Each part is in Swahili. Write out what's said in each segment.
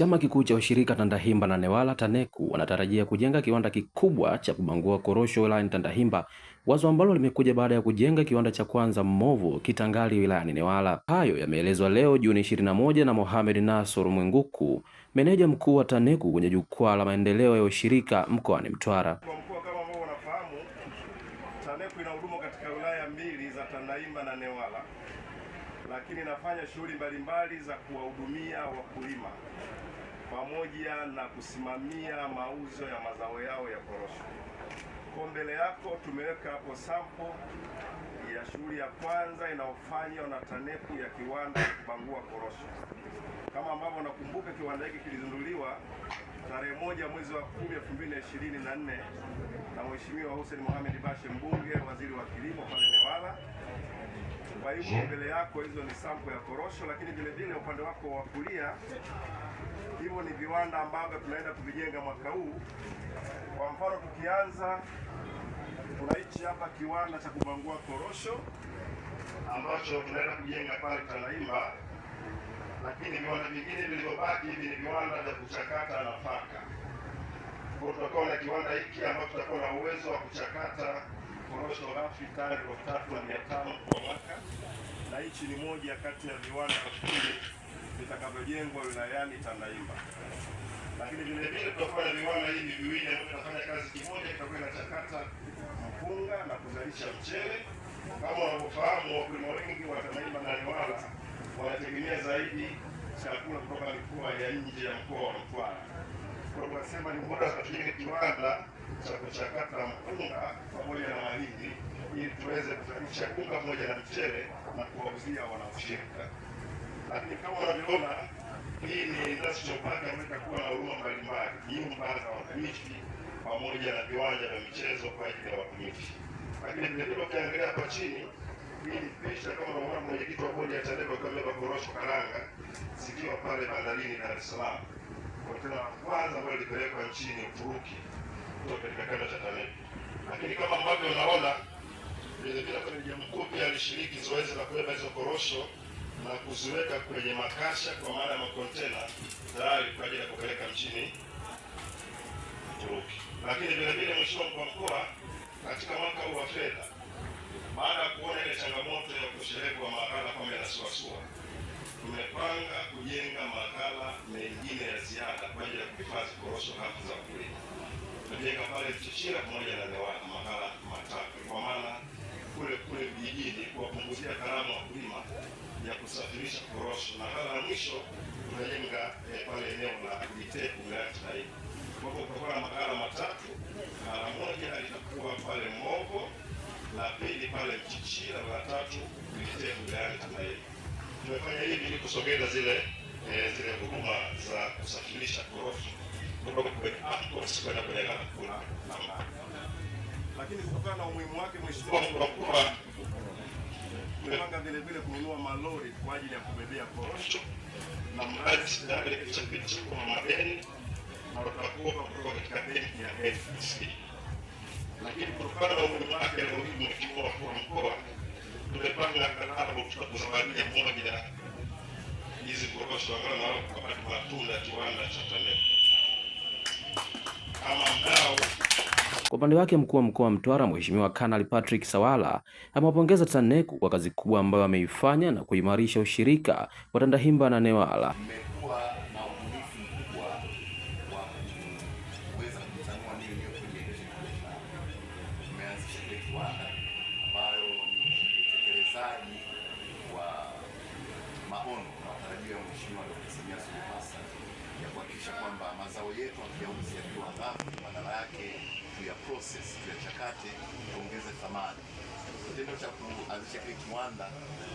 Chama kikuu cha ushirika Tandahimba na Newala TANECU wanatarajia kujenga kiwanda kikubwa cha kubangua korosho wilayani Tandahimba, wazo ambalo limekuja baada ya kujenga kiwanda cha kwanza mmovu Kitangali wilayani Newala. Hayo yameelezwa leo Juni 21 na Mohamed Nasor Mwenguku, meneja mkuu wa TANECU kwenye jukwaa la maendeleo ya ushirika mkoani Mtwara. Kama ambavyo unafahamu, TANECU ina huduma katika wilaya mbili za Tandahimba na Newala lakini nafanya shughuli mbalimbali za kuwahudumia wakulima pamoja na kusimamia mauzo ya mazao yao ya korosho. Kwa mbele yako tumeweka hapo sampo ya shughuli ya kwanza inayofanywa na TANEPU ya kiwanda kubangua korosho. Kama ambavyo nakumbuka, kiwanda hiki kilizinduliwa tarehe moja mwezi wa kumi na nne na Mheshimiwa Hussein Mohamed Bashe, mbunge, waziri wa kilimo pale Newala kwa hivyo mbele yako hizo ni sampo ya korosho, lakini vile vile upande wako wa kulia, hivyo ni viwanda ambavyo tunaenda kuvijenga mwaka huu. Kwa mfano tukianza, tunaichi hapa kiwanda cha kubangua korosho ambacho tunaenda kujenga pale Tandahimba, lakini viwanda vingine vilivyobaki hivi ni viwanda vya kuchakata nafaka. Kwa tutakuwa na kiwanda hiki ambacho tutakuwa na uwezo wa kuchakata posho ghafi tani wa tatu na mia tano kwa mwaka, na hichi ni moja kati ya viwanda kumi vitakavyojengwa wilayani Tandahimba. Lakini vile vile tutafanya viwanda hivi viwili ambavyo vinafanya kazi kimoja, kitakuwa chakata mpunga na kuzalisha mchele. Kama wanavyofahamu wakulima wengi wa Tandahimba na Newala wanategemea zaidi chakula kutoka mikoa ya nje ya mkoa wa Mtwara. Tunasema ni bora tutumie kiwanda cha kuchakata mpunga pamoja na mahindi ili tuweze kuzalisha unga pamoja na mchele na kuwauzia wanaoshirika. Lakini kama unavyoona, hii ni industrial park ambayo itakuwa na huduma mbalimbali, nyumba za watumishi pamoja na viwanja vya michezo kwa ajili ya watumishi. Lakini vilevile ukiangalia hapa chini hii ni picha kama unaona mwenyekiti wa bodi ya TANERO Kakorosho Karanga zikiwa pale bandarini Dar es Salaam kontena la kwanza ambayo ilipelekwa nchini Uturuki kutoka katika kanda cha Taleb. Lakini kama ambavyo unaona vile vile, mji mkuu pia alishiriki zoezi la kubeba hizo korosho na kuziweka kwenye makasha kwa maana ya makontena tayari kwa ajili ya kupeleka nchini Uturuki. Lakini vile vile, mheshimiwa mkuu wa mkoa, katika mwaka huu wa fedha, baada ya kuona ile changamoto ya ukoshelevu wa kama kwamba yanasuasua tumepanga kujenga makala mengine ya ziada kwa ajili ya kuhifadhi korosho hafu za kulima. Tunajenga pale Mchechira pamoja na Newala makala matatu, kwa maana kule kule vijijini kuwapunguzia gharama wakulima ya kusafirisha korosho, na kala ya mwisho tunajenga eh, pale eneo la Iteko wilaya Tandahimba. ambapo kutakuwa na makala matatu, mara moja litakuwa pale Mogo, la pili pale Mchichira, la tatu Iteko wilayani Tandahimba tumefanya hivi ili kusogeza zile eh, zile huduma za kusafirisha korofi kutoka kwenye ATCOS kwenda kwenye ghala kuu Lakini kutokana na umuhimu wake, mheshimiwa mkuu, tumepanga vile vile kununua malori kwa ajili ya kubebea korosho na mradi ndani ya kwa mabeni na utakuwa kutoka katika benki ya FCC. Lakini kutokana na umuhimu wake, na umuhimu mheshimiwa mkuu wa mkoa kwa upande wake mkuu wa mkoa wa Mtwara Mheshimiwa Kanali Patrick Sawala amewapongeza TANECU kwa kazi kubwa ambayo ameifanya na kuimarisha ushirika wa Tandahimba na Newala. pia Mheshimiwa Dkt. Samia Suluhu Hassan ya kuhakikisha kwamba mazao yetu hatuyauzi yakiwa ghafi, badala yake tuya process tuyachakate, tuongeze thamani. Kitendo cha kuanzisha kile kiwanda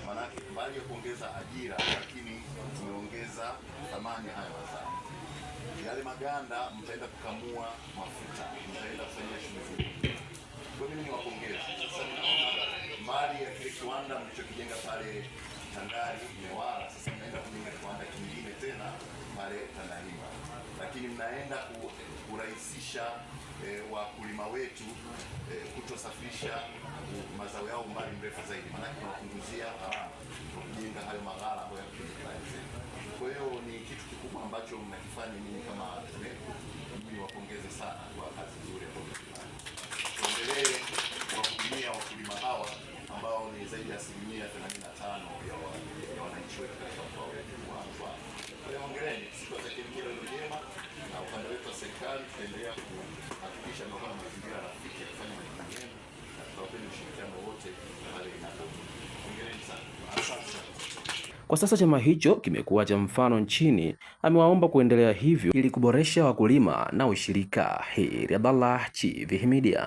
maanake mbali ya kuongeza ajira, lakini tumeongeza thamani haya mazao. Yale maganda mtaenda kukamua mafuta, mtaenda kufanyia shughuli kwa mimi ni wapongeza sasa. Mali ya kile kiwanda mlichokijenga pale Tandari Newala sasa mnaenda lakini mnaenda kurahisisha e, wakulima wetu e, eh, kutosafirisha mazao yao umbali mrefu zaidi, maanake tunapunguzia gharama ah, kujenga hayo maghala ambayo ya kwa hiyo ni kitu kikubwa ambacho mnakifanya. nini kama TAMECU eh, wapongeze sana kwa kazi nzuri. Kwa sasa chama hicho kimekuwa cha mfano nchini. Amewaomba kuendelea hivyo ili kuboresha wakulima na ushirika. Hii Abdallah, Chivihi Media.